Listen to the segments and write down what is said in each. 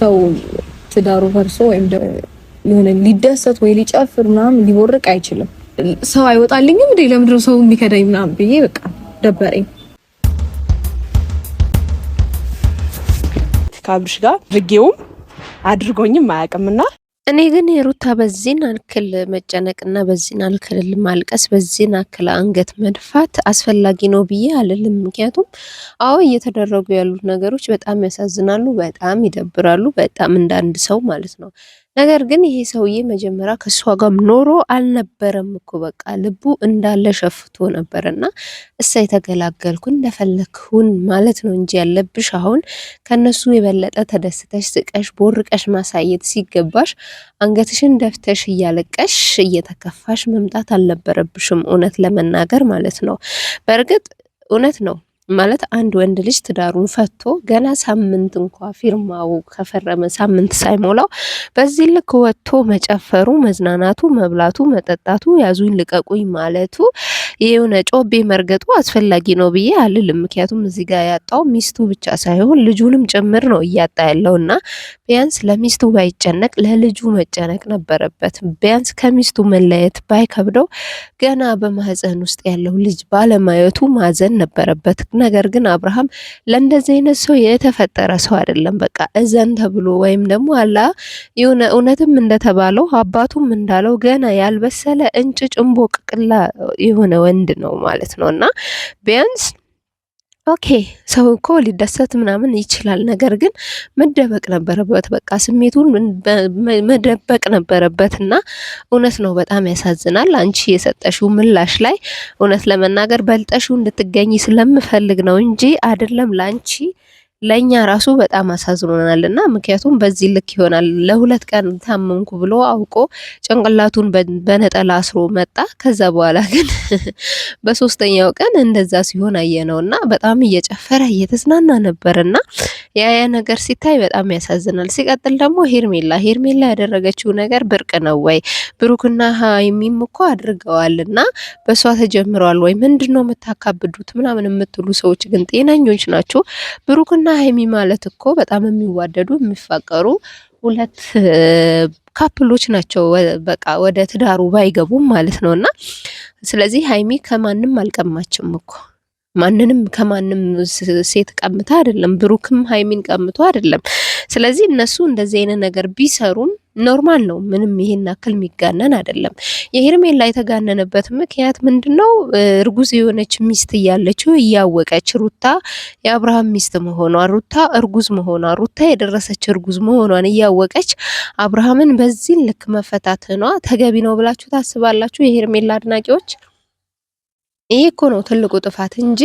ሰው ትዳሩ ፈርሶ ወይም የሆነ ሊደሰት ወይ ሊጨፍር ምናምን ሊቦርቅ አይችልም። ሰው አይወጣልኝም እንዴ ለምንድነው ሰው የሚከዳኝ ምናምን ብዬ በቃ ደበረኝ። ከአብርሽ ጋር ብጌውም አድርጎኝም አያውቅምና እኔ ግን የሩታ በዚህን አልክል መጨነቅና በዚህን አልክል ማልቀስ በዚህን አክል አንገት መድፋት አስፈላጊ ነው ብዬ አልልም። ምክንያቱም አዎ እየተደረጉ ያሉት ነገሮች በጣም ያሳዝናሉ፣ በጣም ይደብራሉ፣ በጣም እንዳንድ ሰው ማለት ነው። ነገር ግን ይሄ ሰውዬ መጀመሪያ ከእሷ ጋር ኖሮ አልነበረም እኮ በቃ ልቡ እንዳለ ሸፍቶ ነበር። እና እሳይ ተገላገልኩ እንደፈለግሁን ማለት ነው እንጂ ያለብሽ አሁን ከነሱ የበለጠ ተደስተሽ ስቀሽ ቦርቀሽ ማሳየት ሲገባሽ አንገትሽን ደፍተሽ እያለቀሽ እየተከፋሽ መምጣት አልነበረብሽም፣ እውነት ለመናገር ማለት ነው። በእርግጥ እውነት ነው ማለት አንድ ወንድ ልጅ ትዳሩን ፈቶ ገና ሳምንት እንኳ ፊርማው ከፈረመ ሳምንት ሳይሞላው በዚህ ልክ ወጥቶ መጨፈሩ፣ መዝናናቱ፣ መብላቱ፣ መጠጣቱ፣ ያዙኝ ልቀቁኝ ማለቱ የሆነ ጮቤ መርገጡ አስፈላጊ ነው ብዬ አልልም። ምክንያቱም እዚህ ጋር ያጣው ሚስቱ ብቻ ሳይሆን ልጁንም ጭምር ነው እያጣ ያለው እና ቢያንስ ለሚስቱ ባይጨነቅ ለልጁ መጨነቅ ነበረበት። ቢያንስ ከሚስቱ መለየት ባይከብደው ገና በማህፀን ውስጥ ያለው ልጅ ባለማየቱ ማዘን ነበረበት። ነገር ግን አብርሃም ለእንደዚህ አይነት ሰው የተፈጠረ ሰው አይደለም። በቃ እዘን ተብሎ ወይም ደግሞ አላ የሆነ እውነትም እንደተባለው አባቱም እንዳለው ገና ያልበሰለ እንጭጭ እምቦቅቅላ የሆነ ወንድ ነው ማለት ነው እና ቢያንስ ኦኬ ሰው እኮ ሊደሰት ምናምን ይችላል። ነገር ግን መደበቅ ነበረበት፣ በቃ ስሜቱን መደበቅ ነበረበት እና እውነት ነው በጣም ያሳዝናል። አንቺ የሰጠሽው ምላሽ ላይ እውነት ለመናገር በልጠሽው እንድትገኝ ስለምፈልግ ነው እንጂ አይደለም ለአንቺ ለእኛ ራሱ በጣም አሳዝኖናል እና ምክንያቱም በዚህ ልክ ይሆናል። ለሁለት ቀን ታመምኩ ብሎ አውቆ ጭንቅላቱን በነጠላ አስሮ መጣ። ከዛ በኋላ ግን በሶስተኛው ቀን እንደዛ ሲሆን አየ ነው እና በጣም እየጨፈረ እየተዝናና ነበር እና ያ ያ ነገር ሲታይ በጣም ያሳዝናል። ሲቀጥል ደግሞ ሄርሜላ ሄርሜላ ያደረገችው ነገር ብርቅ ነው ወይ? ብሩክና ሀይሚም እኮ አድርገዋል እና በእሷ ተጀምረዋል ወይ? ምንድን ነው የምታካብዱት ምናምን የምትሉ ሰዎች ግን ጤነኞች ናቸው ብሩክና ሀይሚ ማለት እኮ በጣም የሚዋደዱ የሚፋቀሩ ሁለት ካፕሎች ናቸው። በቃ ወደ ትዳሩ ባይገቡም ማለት ነው። እና ስለዚህ ሀይሚ ከማንም አልቀማችም እኮ ማንንም ከማንም ሴት ቀምታ አይደለም። ብሩክም ሀይሚን ቀምቶ አይደለም። ስለዚህ እነሱ እንደዚህ አይነት ነገር ቢሰሩም ኖርማል ነው። ምንም ይሄን አክል የሚጋነን አይደለም። የሄርሜላ የተጋነነበት ምክንያት ምንድን ነው? እርጉዝ የሆነች ሚስት እያለችው እያወቀች ሩታ የአብርሃም ሚስት መሆኗ ሩታ እርጉዝ መሆኗ ሩታ የደረሰች እርጉዝ መሆኗን እያወቀች አብርሃምን በዚህ ልክ መፈታትኗ ተገቢ ነው ብላችሁ ታስባላችሁ የሄርሜላ አድናቂዎች? ይሄ እኮ ነው ትልቁ ጥፋት እንጂ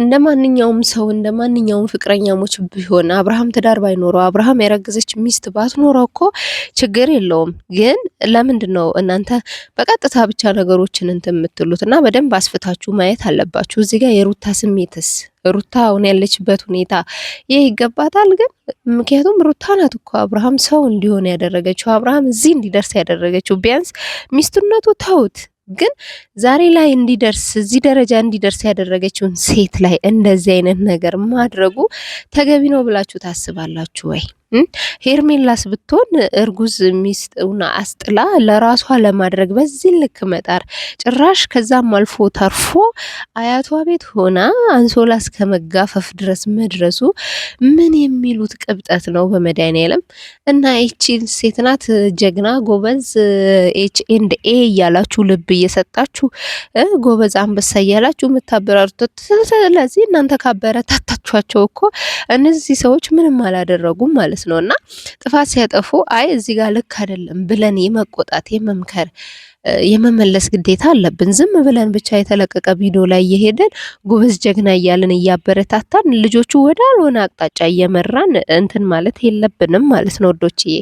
እንደ ማንኛውም ሰው እንደ ማንኛውም ፍቅረኛሞች ቢሆን አብርሃም ትዳር ባይኖረው አብርሃም ያረገዘች ሚስት ባትኖረው እኮ ችግር የለውም። ግን ለምንድን ነው እናንተ በቀጥታ ብቻ ነገሮችን እንትን የምትሉት? እና በደንብ አስፍታችሁ ማየት አለባችሁ። እዚህ ጋር የሩታ ስሜትስ ሩታ አሁን ያለችበት ሁኔታ ይህ ይገባታል? ግን ምክንያቱም ሩታ ናት እኮ አብርሃም ሰው እንዲሆን ያደረገችው አብርሃም እዚህ እንዲደርስ ያደረገችው ቢያንስ ሚስትነቱ ተውት ግን ዛሬ ላይ እንዲደርስ እዚህ ደረጃ እንዲደርስ ያደረገችውን ሴት ላይ እንደዚህ አይነት ነገር ማድረጉ ተገቢ ነው ብላችሁ ታስባላችሁ ወይ? ሄርሜላስ ብትሆን እርጉዝ ሚስጥና አስጥላ ለራሷ ለማድረግ በዚህ ልክ መጣር ጭራሽ ከዛም አልፎ ተርፎ አያቷ ቤት ሆና አንሶላ እስከ መጋፈፍ ድረስ መድረሱ ምን የሚሉት ቅብጠት ነው? በመድኃኒዓለም እና ይቺን ሴት ናት ጀግና ጎበዝ ኤች ኤንድ ኤ እያላችሁ ልብ እየሰጣችሁ ጎበዝ አንበሳ እያላችሁ የምታበራሩት። ስለዚህ እናንተ ካበረታታችኋቸው እኮ እነዚህ ሰዎች ምንም አላደረጉም ማለት ነው። ማለት ነው እና ጥፋት ሲያጠፉ አይ እዚህ ጋር ልክ አይደለም ብለን የመቆጣት የመምከር የመመለስ ግዴታ አለብን። ዝም ብለን ብቻ የተለቀቀ ቪዲዮ ላይ እየሄደን ጎበዝ ጀግና እያልን እያበረታታን ልጆቹ ወደ አልሆነ አቅጣጫ እየመራን እንትን ማለት የለብንም ማለት ነው ወዶችዬ።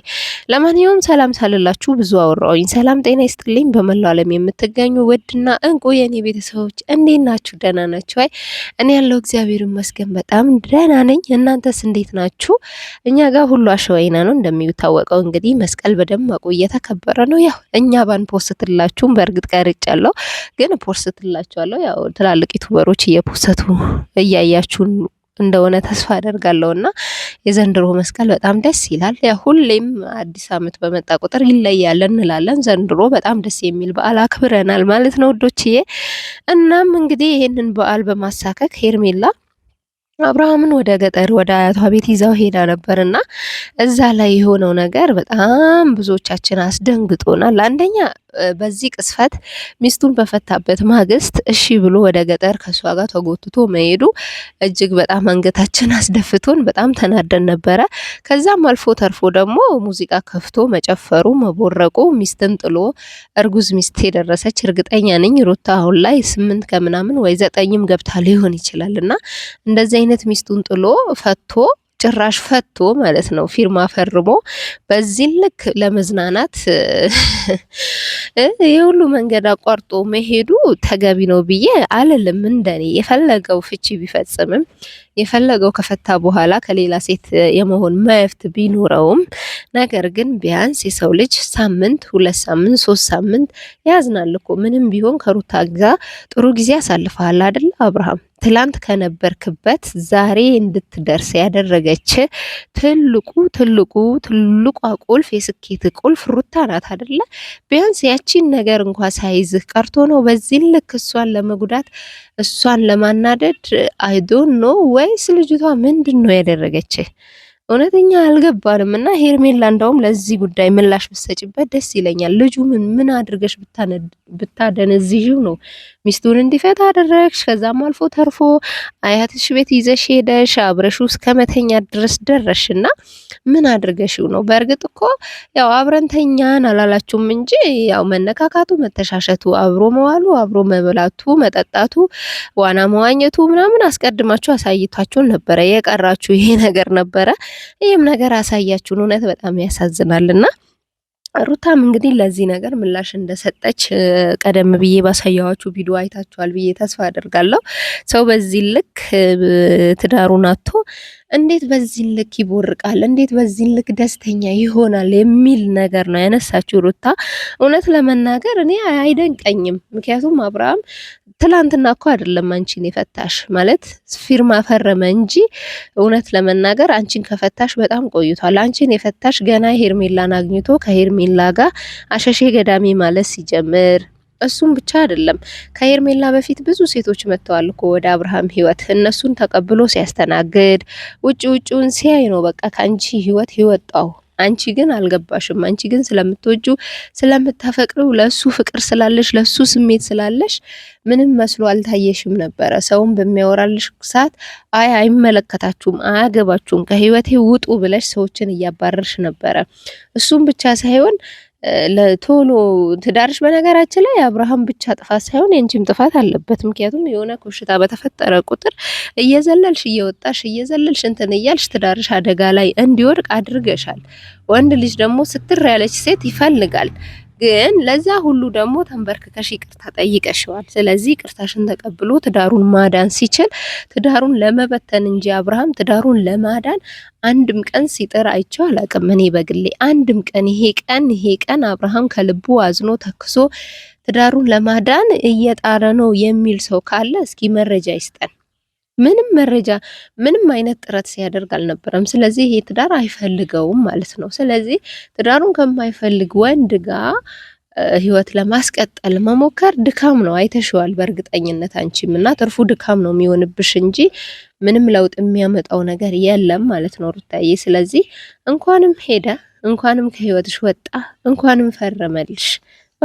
ለማንኛውም ሰላም ሳልላችሁ ብዙ አወራሁኝ። ሰላም ጤና ይስጥልኝ። በመላው ዓለም የምትገኙ ውድና እንቁ የእኔ ቤተሰቦች እንዴት ናችሁ? ደህና ናችሁ? አይ እኔ ያለው እግዚአብሔር ይመስገን በጣም ደህና ነኝ። እናንተስ እንዴት ናችሁ? እኛ ጋር ሁሉ አሸዋይና ነው እንደሚታወቀው። እንግዲህ መስቀል በደማቁ እየተከበረ ነው። ያው እኛ ፖስት አልፖስትላችሁም። በእርግጥ ቀርጫለሁ፣ ግን ፖስትላችኋለሁ። ያው ትላልቅ ዩቱበሮች እየፖሰቱ እያያችሁን እንደሆነ ተስፋ አደርጋለሁ እና የዘንድሮ መስቀል በጣም ደስ ይላል። ያ ሁሌም አዲስ ዓመት በመጣ ቁጥር ይለያል እንላለን። ዘንድሮ በጣም ደስ የሚል በዓል አክብረናል ማለት ነው ውዶችዬ። እናም እንግዲህ ይህንን በዓል በማሳከክ ሄርሜላ አብርሃምን ወደ ገጠር ወደ አያቷ ቤት ይዛው ሄዳ ነበርና እዛ ላይ የሆነው ነገር በጣም ብዙዎቻችን አስደንግጦናል። አንደኛ በዚህ ቅስፈት ሚስቱን በፈታበት ማግስት እሺ ብሎ ወደ ገጠር ከእሷ ጋር ተጎትቶ መሄዱ እጅግ በጣም አንገታችን አስደፍቶን በጣም ተናደን ነበረ። ከዛም አልፎ ተርፎ ደግሞ ሙዚቃ ከፍቶ መጨፈሩ፣ መቦረቁ ሚስትን ጥሎ እርጉዝ ሚስት የደረሰች እርግጠኛ ነኝ ሩታ አሁን ላይ ስምንት ከምናምን ወይ ዘጠኝም ገብታ ሊሆን ይችላል እና እንደዚህ አይነት ሚስቱን ጥሎ ፈቶ ጭራሽ ፈቶ ማለት ነው ፊርማ ፈርሞ በዚህ ልክ ለመዝናናት የሁሉ መንገድ አቋርጦ መሄዱ ተገቢ ነው ብዬ አልልም። እንደኔ የፈለገው ፍቺ ቢፈጽምም የፈለገው ከፈታ በኋላ ከሌላ ሴት የመሆን መብት ቢኖረውም ነገር ግን ቢያንስ የሰው ልጅ ሳምንት፣ ሁለት ሳምንት፣ ሶስት ሳምንት ያዝናል እኮ ምንም ቢሆን ከሩታ ጋር ጥሩ ጊዜ ያሳልፈሃል አይደል አብርሃም? ትላንት ከነበርክበት ዛሬ እንድትደርስ ያደረገች ትልቁ ትልቁ ትልቋ ቁልፍ የስኬት ቁልፍ ሩታ ናት አደለ? ቢያንስ ያቺን ነገር እንኳ ሳይዝህ ቀርቶ ነው በዚህ ልክ እሷን ለመጉዳት እሷን ለማናደድ አይዶን ነው ወይስ ልጅቷ ምንድን ነው ያደረገች? እውነተኛ አልገባንም እና ሄርሜላ እንደውም ለዚህ ጉዳይ ምላሽ ብሰጭበት ደስ ይለኛል። ልጁ ምን ምን አድርገሽ ብታደነዝዥው ነው ሚስቱን እንዲፈታ አደረግሽ? ከዛም አልፎ ተርፎ አያትሽ ቤት ይዘሽ ሄደሽ አብረሽ እስከ መተኛ ድረስ ደረሽ እና ምን አድርገሽው ነው? በእርግጥ እኮ ያው አብረንተኛን አላላችሁም እንጂ ያው መነካካቱ፣ መተሻሸቱ፣ አብሮ መዋሉ፣ አብሮ መብላቱ፣ መጠጣቱ፣ ዋና መዋኘቱ ምናምን አስቀድማችሁ አሳይቷችሁን ነበረ። የቀራችሁ ይሄ ነገር ነበረ። ይህም ነገር አሳያችሁን። እውነት በጣም ያሳዝናል ያሳዝናልና ሩታም እንግዲህ ለዚህ ነገር ምላሽ እንደሰጠች ቀደም ብዬ ባሳያዋችሁ ቪዲዮ አይታችኋል ብዬ ተስፋ አደርጋለሁ። ሰው በዚህ ልክ ትዳሩን አቶ እንዴት በዚህን ልክ ይቦርቃል፣ እንዴት በዚህን ልክ ደስተኛ ይሆናል የሚል ነገር ነው ያነሳችው ሩታ። እውነት ለመናገር እኔ አይደንቀኝም። ምክንያቱም አብርሃም ትላንትና እኮ አይደለም አንቺን የፈታሽ ማለት ፊርማ ፈረመ እንጂ እውነት ለመናገር አንቺን ከፈታሽ በጣም ቆይቷል። አንቺን የፈታሽ ገና ሄርሜላን አግኝቶ ከሄርሜላ ጋር አሸሼ ገዳሜ ማለት ሲጀምር እሱም ብቻ አይደለም። ከሄርሜላ በፊት ብዙ ሴቶች መጥተዋል እኮ ወደ አብርሃም ህይወት እነሱን ተቀብሎ ሲያስተናግድ ውጭ ውጭውን ሲያይ ነው በቃ ከአንቺ ህይወት ይወጣው። አንቺ ግን አልገባሽም። አንቺ ግን ስለምትወጁ ስለምታፈቅሩ ለሱ ፍቅር ስላለሽ፣ ለሱ ስሜት ስላለሽ ምንም መስሎ አልታየሽም ነበረ። ሰውን በሚያወራልሽ ሰዓት አይ አይመለከታችሁም፣ አያገባችሁም፣ ከህይወቴ ውጡ ብለሽ ሰዎችን እያባረርሽ ነበረ። እሱም ብቻ ሳይሆን ለቶሎ ትዳርሽ በነገራችን ላይ አብርሃም ብቻ ጥፋት ሳይሆን የአንቺም ጥፋት አለበት። ምክንያቱም የሆነ ኩሽታ በተፈጠረ ቁጥር እየዘለልሽ እየወጣሽ እየዘለልሽ እንትን እያልሽ ትዳርሽ አደጋ ላይ እንዲወድቅ አድርገሻል። ወንድ ልጅ ደግሞ ስትር ያለች ሴት ይፈልጋል። ግን ለዛ ሁሉ ደግሞ ተንበርክከሽ ይቅርታ ጠይቀሽዋል። ስለዚህ ይቅርታሽን ተቀብሎ ትዳሩን ማዳን ሲችል ትዳሩን ለመበተን እንጂ አብርሃም ትዳሩን ለማዳን አንድም ቀን ሲጥር አይቼው አላቅም። እኔ በግሌ አንድም ቀን ይሄ ቀን ይሄ ቀን አብርሃም ከልቡ አዝኖ ተክሶ ትዳሩን ለማዳን እየጣረ ነው የሚል ሰው ካለ እስኪ መረጃ ይስጠን። ምንም መረጃ ምንም አይነት ጥረት ሲያደርግ አልነበረም። ስለዚህ ይሄ ትዳር አይፈልገውም ማለት ነው። ስለዚህ ትዳሩን ከማይፈልግ ወንድ ጋር ህይወት ለማስቀጠል መሞከር ድካም ነው። አይተሽዋል በእርግጠኝነት አንቺም እና ትርፉ ድካም ነው የሚሆንብሽ እንጂ ምንም ለውጥ የሚያመጣው ነገር የለም ማለት ነው ሩታዬ። ስለዚህ እንኳንም ሄደ፣ እንኳንም ከህይወትሽ ወጣ፣ እንኳንም ፈረመልሽ።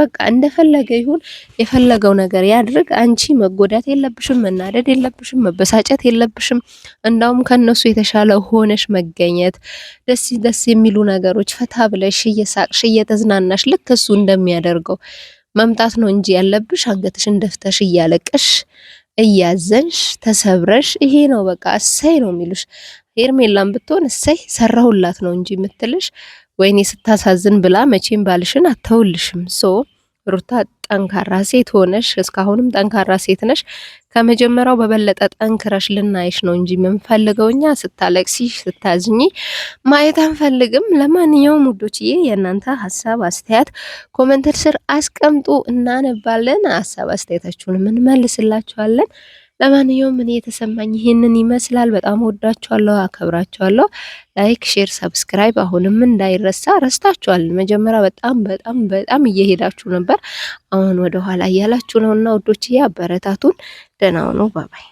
በቃ እንደፈለገ ይሁን፣ የፈለገው ነገር ያድርግ። አንቺ መጎዳት የለብሽም፣ መናደድ የለብሽም፣ መበሳጨት የለብሽም። እንዳውም ከነሱ የተሻለ ሆነሽ መገኘት ደስ ደስ የሚሉ ነገሮች ፈታ ብለሽ እየሳቅሽ እየተዝናናሽ ልክ እሱ እንደሚያደርገው መምጣት ነው እንጂ ያለብሽ አንገትሽን ደፍተሽ እያለቀሽ እያዘንሽ ተሰብረሽ ይሄ ነው በቃ እሰይ ነው የሚሉሽ። ሄርሜላም ብትሆን እሰይ ሰራሁላት ነው እንጂ የምትልሽ ወይኔ ስታሳዝን ብላ መቼም ባልሽን አተውልሽም። ሶ ሩታ ጠንካራ ሴት ሆነሽ እስካሁንም ጠንካራ ሴት ነሽ። ከመጀመሪያው በበለጠ ጠንክረሽ ልናይሽ ነው እንጂ የምንፈልገው እኛ ስታለቅሲ፣ ስታዝኚ ማየት አንፈልግም። ለማንኛውም ውዶችዬ የእናንተ ሀሳብ አስተያየት ኮመንት ስር አስቀምጡ፣ እናነባለን። ሀሳብ አስተያየታችሁን እንመልስላችኋለን። ለማንኛውም እኔ የተሰማኝ ይህንን ይመስላል። በጣም ወዳችኋለሁ፣ አከብራችኋለሁ። ላይክ፣ ሼር፣ ሰብስክራይብ አሁንም እንዳይረሳ። ረስታችኋል። መጀመሪያ በጣም በጣም በጣም እየሄዳችሁ ነበር፣ አሁን ወደኋላ እያላችሁ ነውና ውዶችዬ አበረታቱን። ደህና ሁኑ። ባባይ